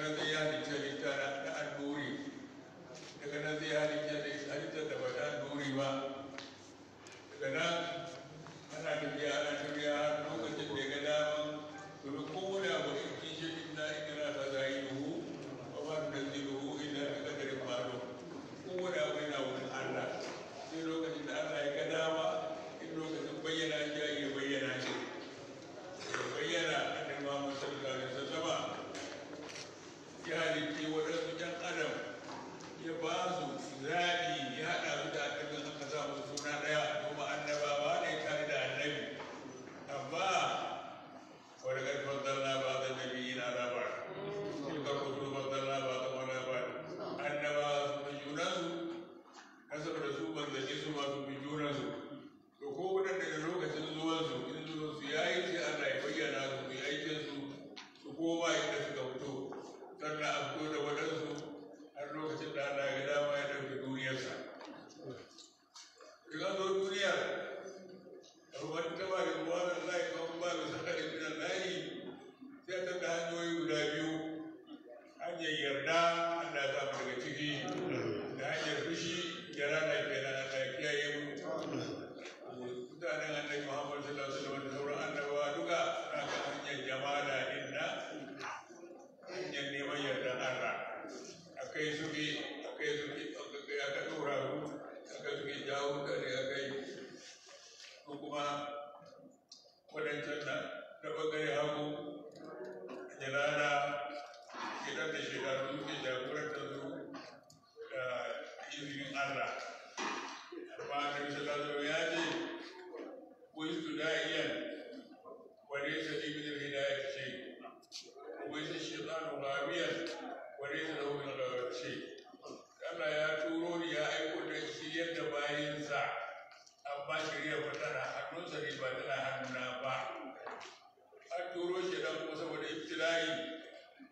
Hallelujah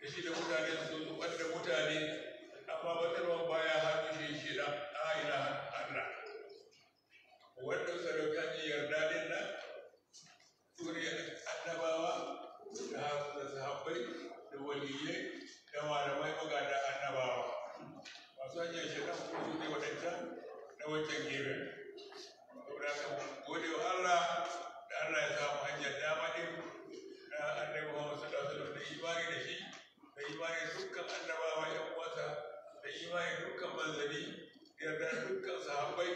da shi da mutane su zubar da mutane amma batarwan baya hannu shi shi da ɗa'ira Allah wanda sarauta ne yarda din nan suriya annabawa da sahabbai da waliyai da malamai magada annabawa masu hanyar shaitan kuma su ne waɗancan na wancan gefen saboda ka gode wa Allah da Allah ya samu hanyar dama ɗin na annabi Muhammad sallallahu alaihi wasallam da imani da shi da imani dukkan annabawa yan wata da imani dukkan manzanni yarda dukkan sahabbai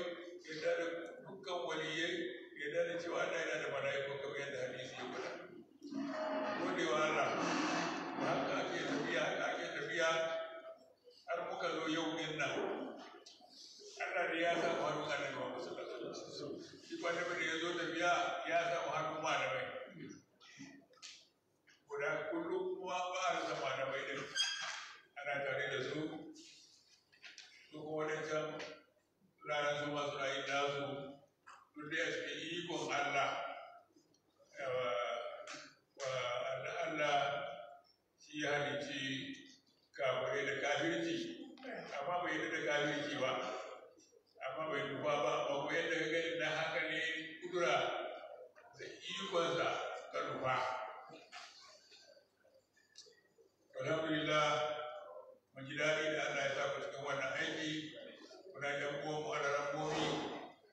yarda da dukkan waliyai yarda da cewa Allah yana da mala'iku kamar yadda hadisi ya da haka ake tafiya da ake tafiya har muka zo yau din nan Allah ya sa daɗi da Allah ya sa ku cikin wannan aiki kuna yan mu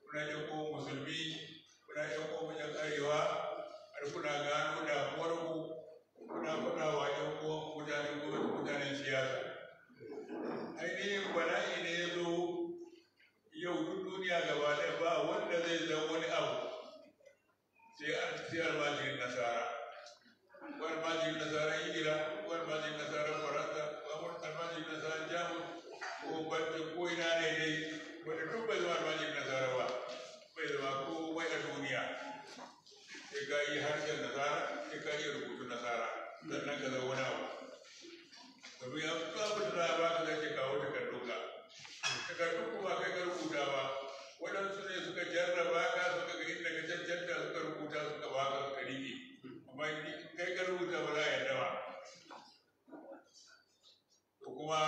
kuna yan musulmi kuna yan mu arewa har kuna gano takardun duk ba kai ka rubuta ba waɗansu ne suka jarraba ka suka ga inda ka cancanta suka rubuta suka ba ka ka rike amma kai ka rubuta ba za a yarda ba to kuma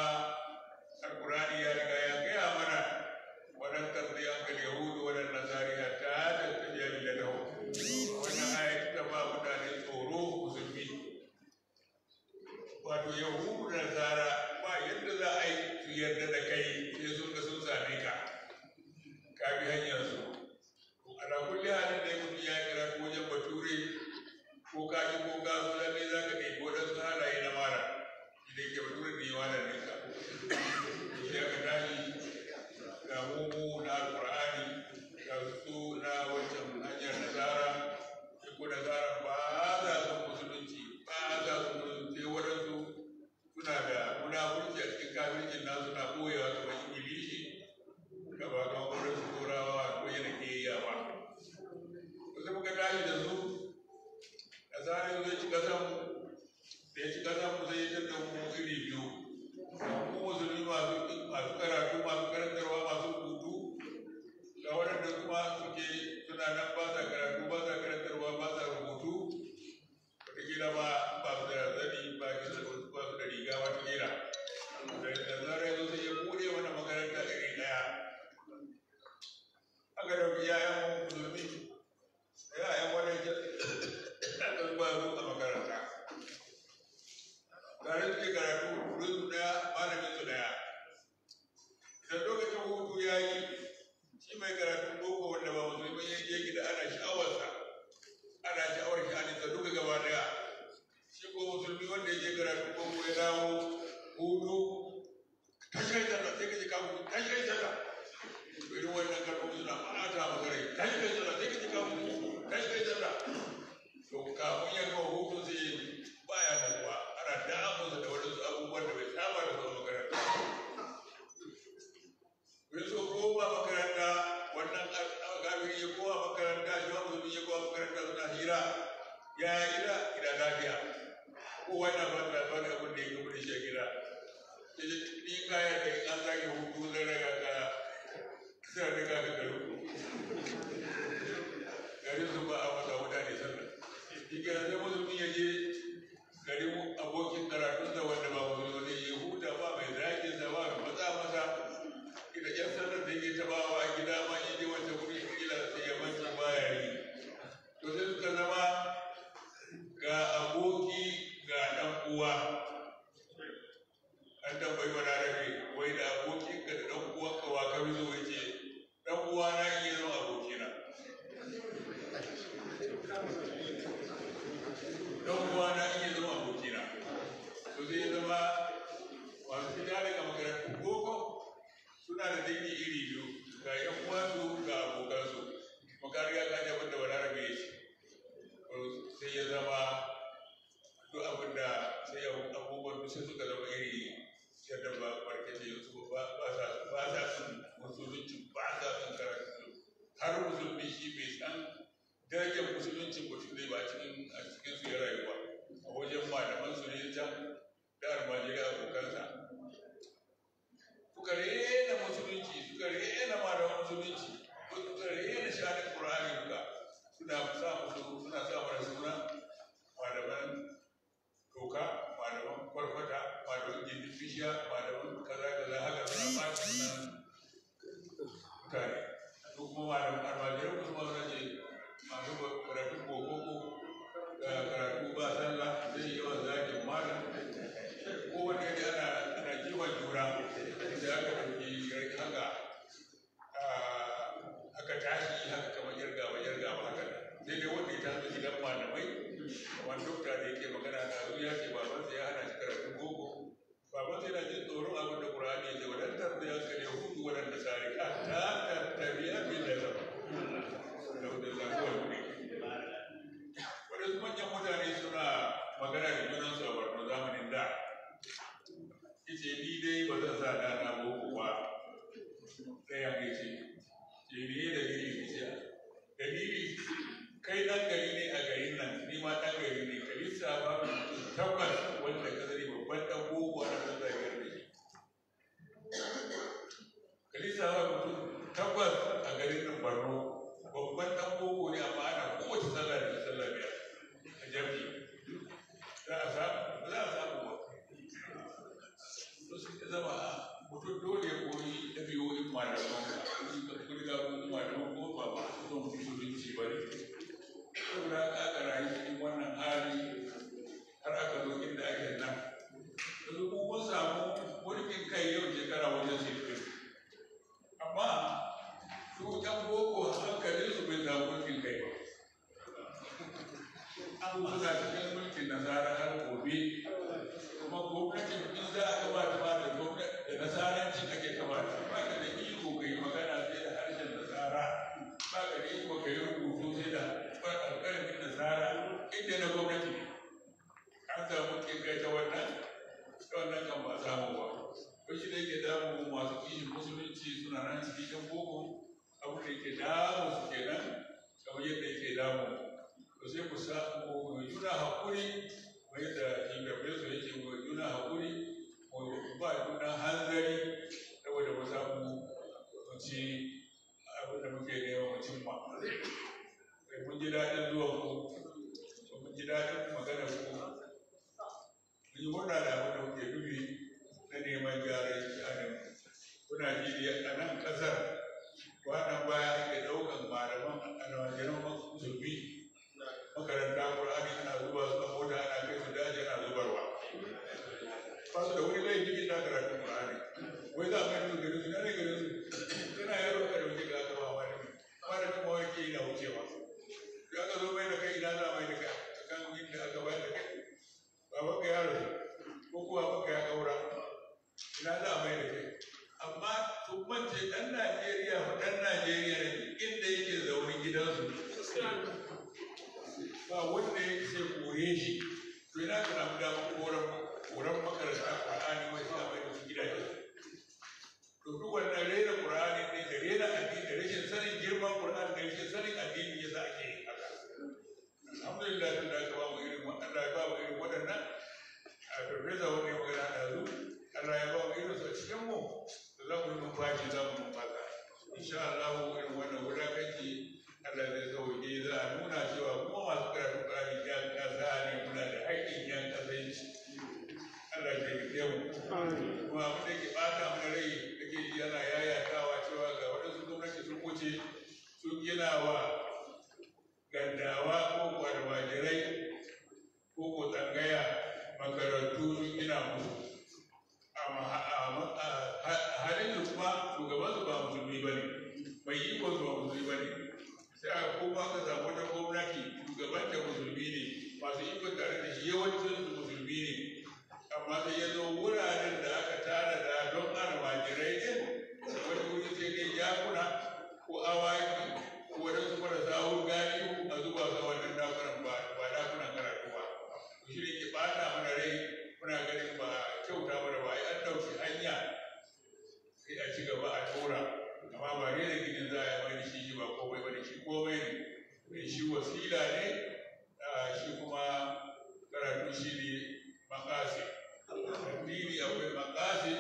I que yeah, con on ya kowa makaranta shi ma musulmi ya kowa makaranta suna hira ya ya gida gida lafiya kowa yana ba da ba da abin da ya gaba da shi a gida ni kaya da an sake hutu zan raga kaya sai raga ka garin ku garin su ba a masa wuta ne sannan shi kenan sai musulmi ya je garin abokin of work we magana da junan su a zamanin da ita ni dai ba zan sa da na boko ba sai ya ce ce ne dalili ce kai dan gari ne a garin nan ni ma dan gari ne ka mu tabbas kora amma ba da gidan za a yi wani shi shi ba komai wani shi komai ne eh, shi wasila ne shi kuma karatu shi ne makasi addini akwai makasi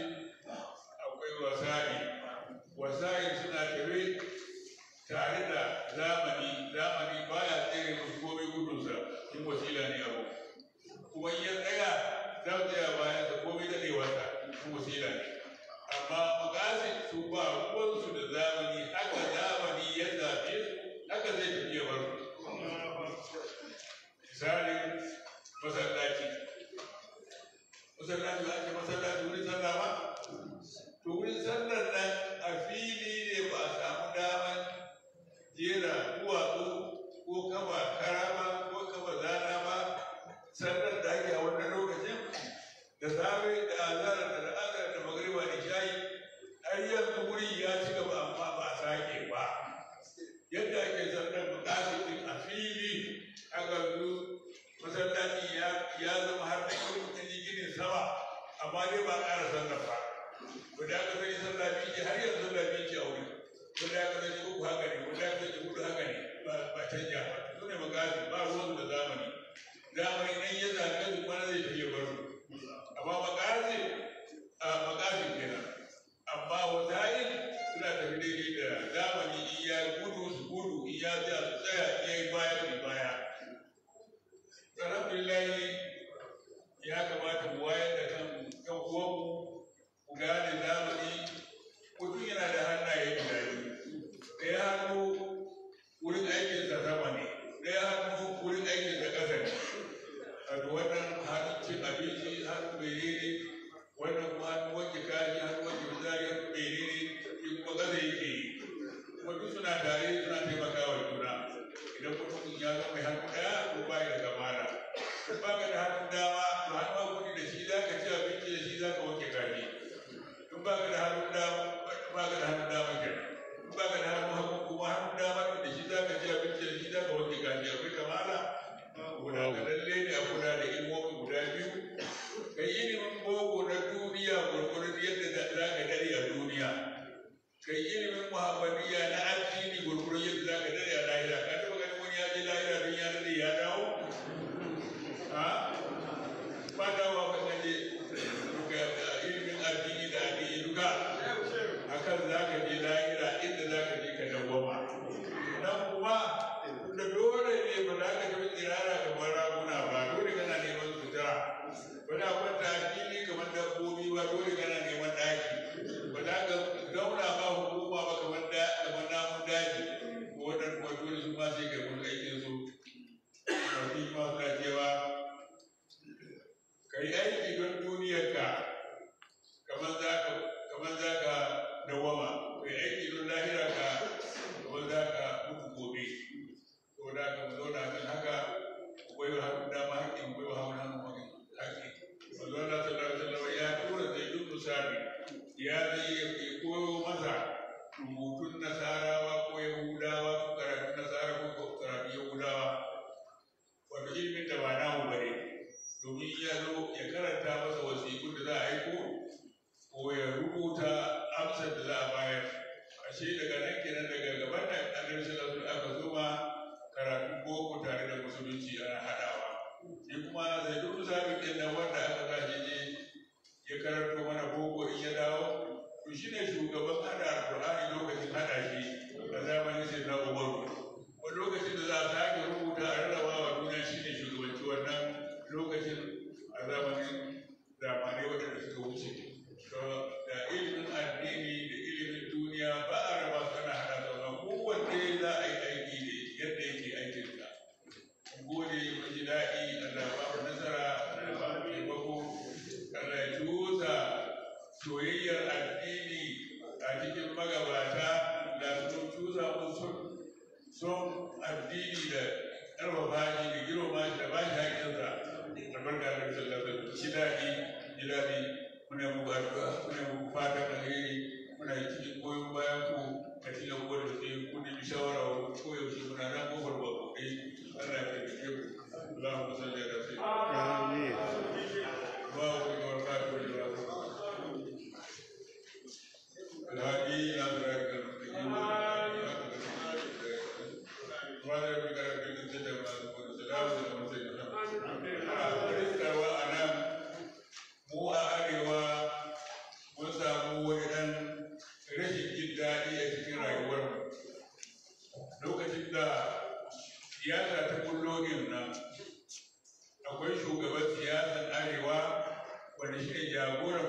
Yeah, yeah. sai kuma da duk zaɓin nan wanda aka zaɓe ne ya karanto mana boko in ya dawo to shi ne shugaban ana Amen. uh, what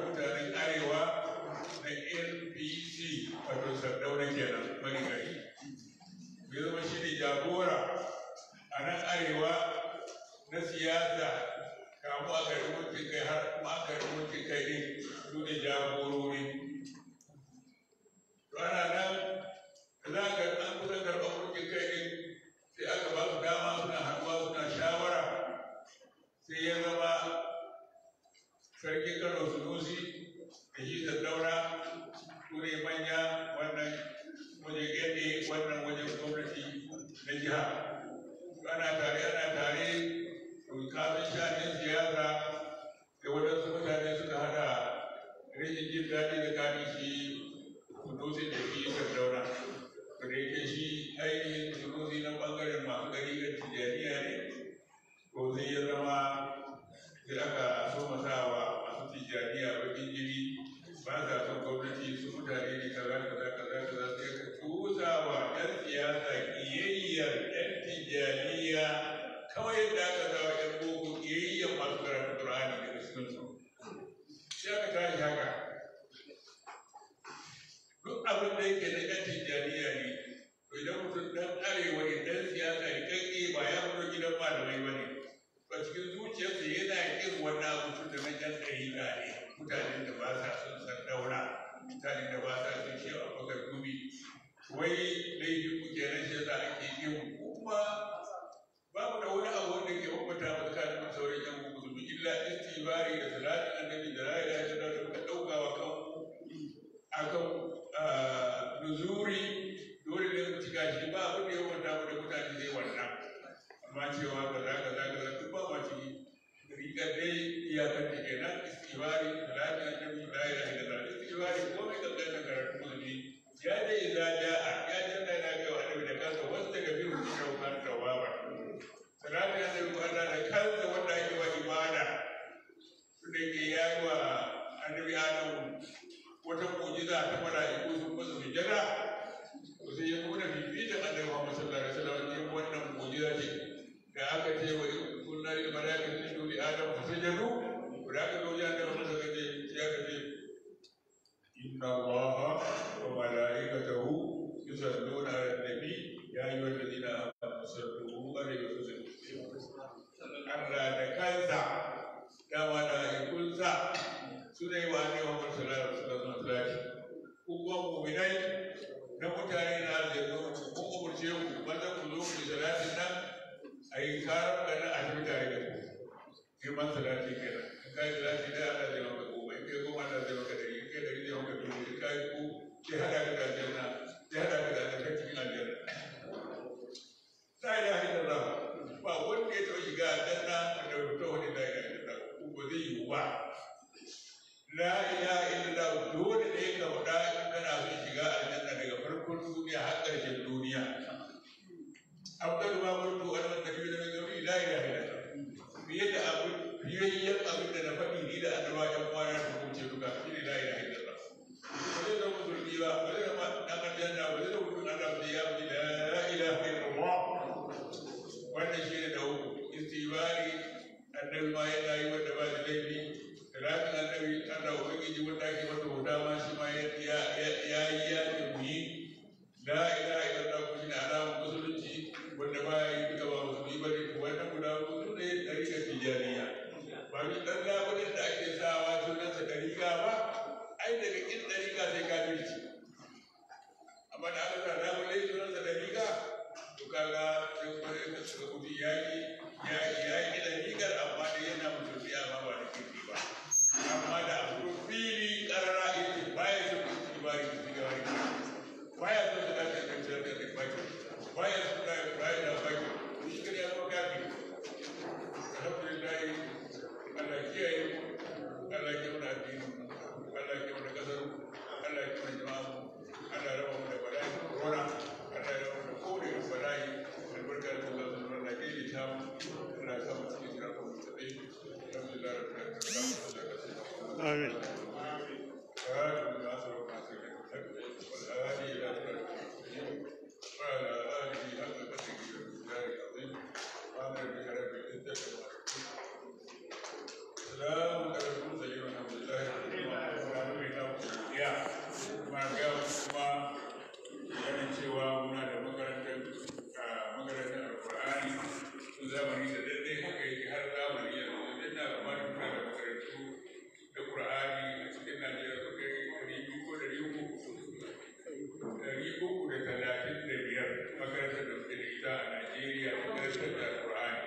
rashin jin daɗi tsakanin shi kudusai da shi sardauna da shi ainihin idha tawalla yaquzu qasmi jada to sai ya Muy bien. Najeriya ku karantar da Qur'ani.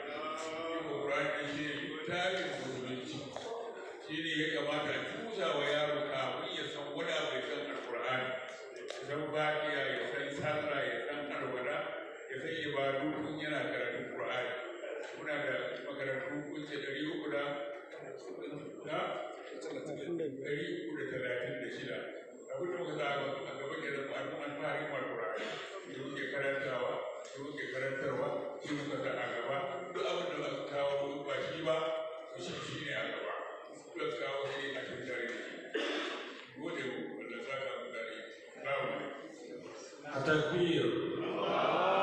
Kuma shi ne littafin musulunci. Shi ne ya kamata a wa yaro kafin ya san wada mai san Al-Qur'ani. Ya san Fatiha, ya san ya san Alwala, ya san ibadu tun yana karatun Qur'ani. Muna da makarantu kunce ɗari uku da ɗari uku da talatin da shida. ప్రభుత్వం సాగు అందుకే gaba